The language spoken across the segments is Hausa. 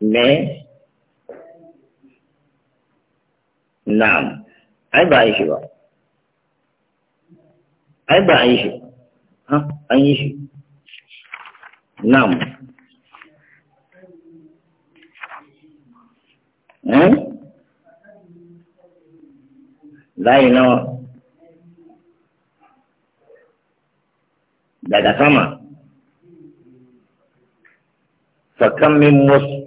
mé nam ai ba shi ba ai ba shi ha nam yi shi nam eh layi sao mà sama فكم من مصر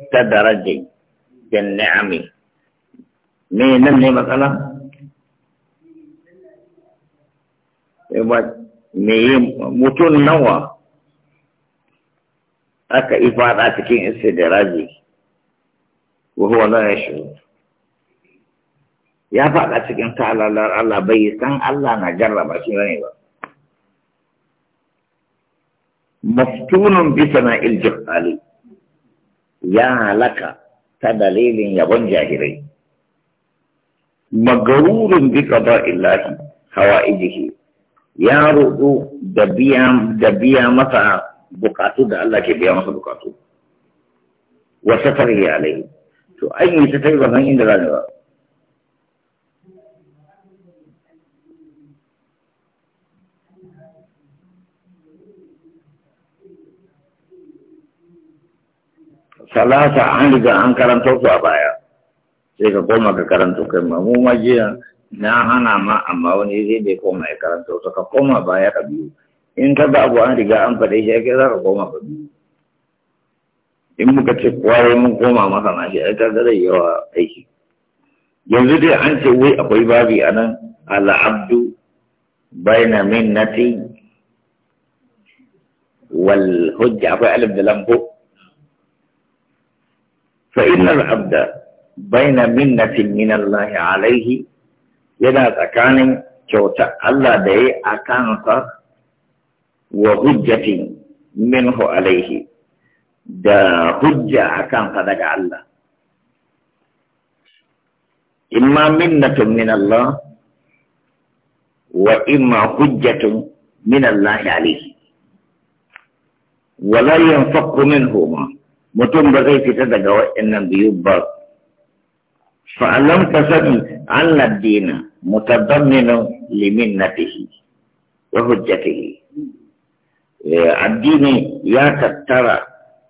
me nan ne matsala me yi mutum nawa aka ifada cikin raji wahuwa la ya shi ya faɗa cikin talalar Allah bai san Allah na jarraba shi ne ba maftunun bisa na iljihali ya halaka ta dalilin yabon jahirai magarurin bika ba illahi ijihi ya rudu da biya da biya masa bukatu da Allah ke biya masa bukatu Wasu safari alaihi to an yi ta taiba inda zan ba salasa an riga an karanto su a baya sai ka koma ka karanto kai ma mu ma jiya na hana ma amma wani zai bai koma ya karanto su ka koma baya ka biyu in ka babu abu an riga an faɗe shi ake za ka koma ka biyu in muka ce kwarai mun koma masa na shi ai ka ga zai yawa aiki yanzu dai an ce wai akwai babi a nan al'abdu baina minnati wal hujja akwai alif da lambo فإن العبد بين منة من الله عليه إذا تكان كوتا الله دي أكانت وهجة منه عليه دا هجة أكانت دك الله إما منة من الله وإما هجة من الله عليه ولا ينفق منهما mutum ba zai fita daga waɗannan biyu ba fa'alam ka sani Allah dina mutadamminun limin na ya hujja tehi eh, addini ya tattara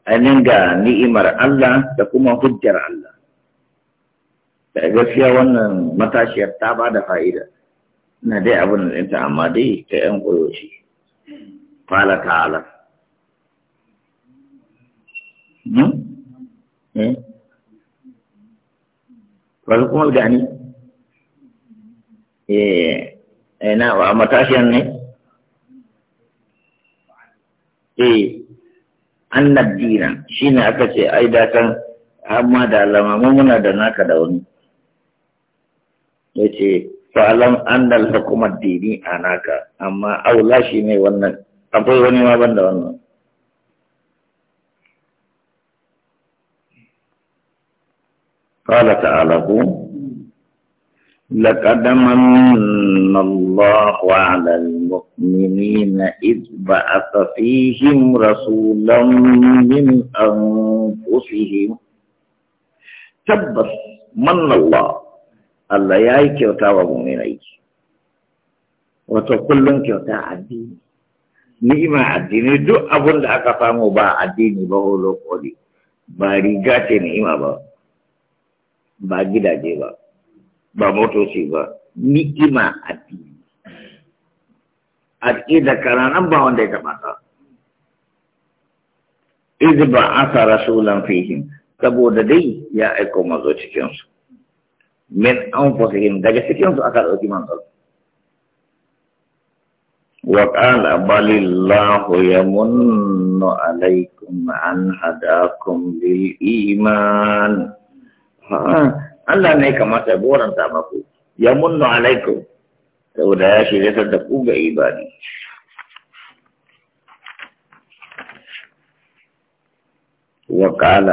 ainihin ga ni'imar Allah da kuma hujjar Allah da gaskiya wannan matashiyar ta ba da fa'ida na dai abin da ta amma dai ta ‘yan koyoshi fala ta'ala Hmm? Eh? Warzukum kuma gani eh, eh, na, wa matashiyar ne? Eh, annab dina shine aka ce ai da kan amma da alama mu muna da naka da wani. Yace fa'alam annal kuma dini a naka amma aula shi ne wannan akwai wani ma ban da wannan. قال تعالى لقد من الله على المؤمنين إذ بعث فيهم رسولا من أنفسهم تبس من الله الله ياي كيوتا ومؤمنين وتقول لهم كيوتا عديني ni'ima addini duk abin da aka samu ba addini ba holo koli ba riga ce ni'ima ba ba gidaje ba ba motoci ba ni'ima addini aƙida karanan ba wanda ya taɓa ta ba asa rasulan fihim saboda dai ya aiko manzo cikinsu min anfusihim daga cikinsu aka ɗauki manzo wa qala balillahu munnu alaikum an hadakum lil iman Allah ne kamata ya goranta maku ya munnu alaikum saboda ya shirya da ku ga ibadi وقال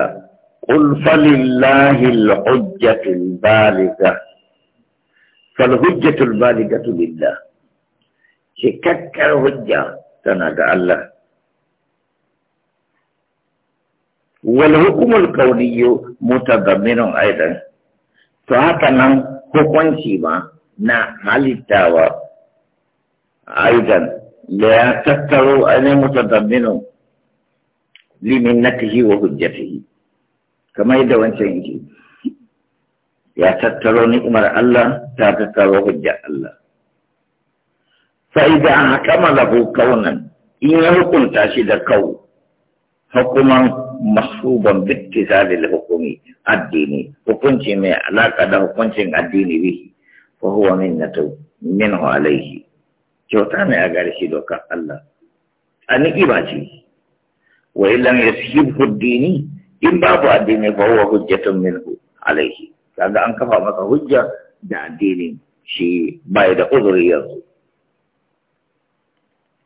قل فلله الحجة البالغة فالحجة البالغة لله شككر حجة تنادى الله walhukumul kauniyo mutagamminun aidan to haka nan hukunci ma na halittawa aidan da ya tattaro ainihin mutagamminun limin na kashi wa hujjatihi kamar yadda wancan yake ya tattaro ni'imar Allah ta tattaro hujja Allah فإذا حكم له كونا إن يكون تاشد كو حكما masubon bittisalil hukumi addini hukunci mai alaka da hukuncin addini bihi fa huwa minnatu minhu alayhi kyauta ne a gare shi dokar Allah a niki ba ce wa illam yashibhu addini in babu addini fa huwa hujjatun minhu alayhi kaga an kafa maka hujja da addini shi bai da uzuri yanzu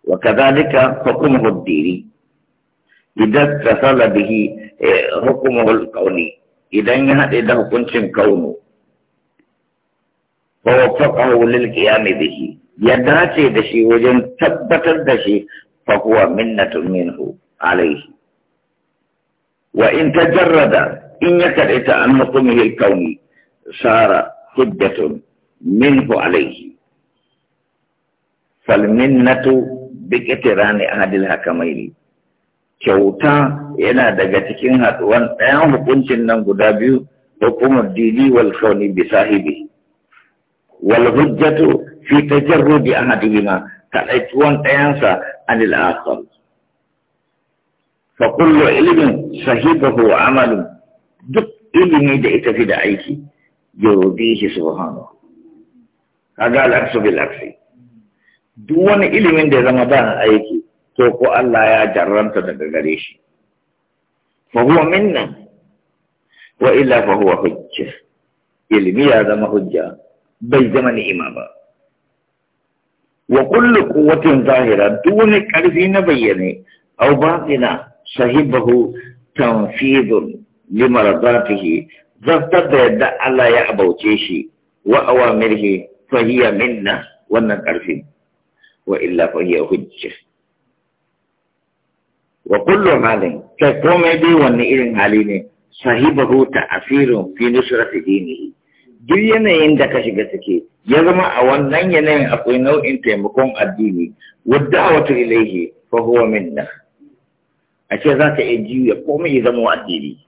wa kadhalika hukmuhu addini idan tasala bihi eh, hukumul kauni idan ya haɗe da hukuncin kaunu fa waffaqahu lil qiyam bihi ya dace da shi wajen tabbatar da shi fa huwa minnatun minhu alayhi wa in tajarrada in ya kadaita an hukumihi kauni sara hujjatun minhu alayhi fal minnatu bi kitirani ahadil hakamaini kyauta yana daga cikin haɗuwan ɗayan hukuncin nan guda biyu hukumar dini wal kauni bi sahibi wal hujjatu fi tajarrudi ahadihima kaɗaituwan ɗayansa anil akhar fa kullu ilmin sahibahu amalu duk ilimi da ita fi da aiki yurudihi subhanahu kaga al-aksu bil aksi duk wani ilimin da ya zama ba aiki ko ko Allah ya jarranta daga gare shi fa huwa minna wa illa fa huwa hujja ilmi ya zama hujja bai zama ni'ima ba wa kullu quwwatin zahira duk wani karfi na bayyane aw batina sahibahu tanfidun limaradatihi zartar da yadda Allah ya abauce shi wa awamirhi fahiya minna wannan karfi wa illa fahiya hujja wa kullum malin kai komai dai wani irin hali ne sahibahu ta'asirun fi nusrati dinihi duk yanayin da ka shiga take ya zama a wannan yanayin akwai nau'in taimakon addini wadda wata ilaihi fa huwa minna a ce za ka iya juya komai ya zama addini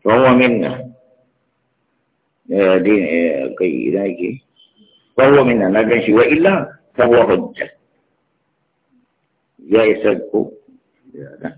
fa huwa minna eh, kai ina ke fa huwa minna na gan shi wa illa fa huwa hujjat ya isa ko ya da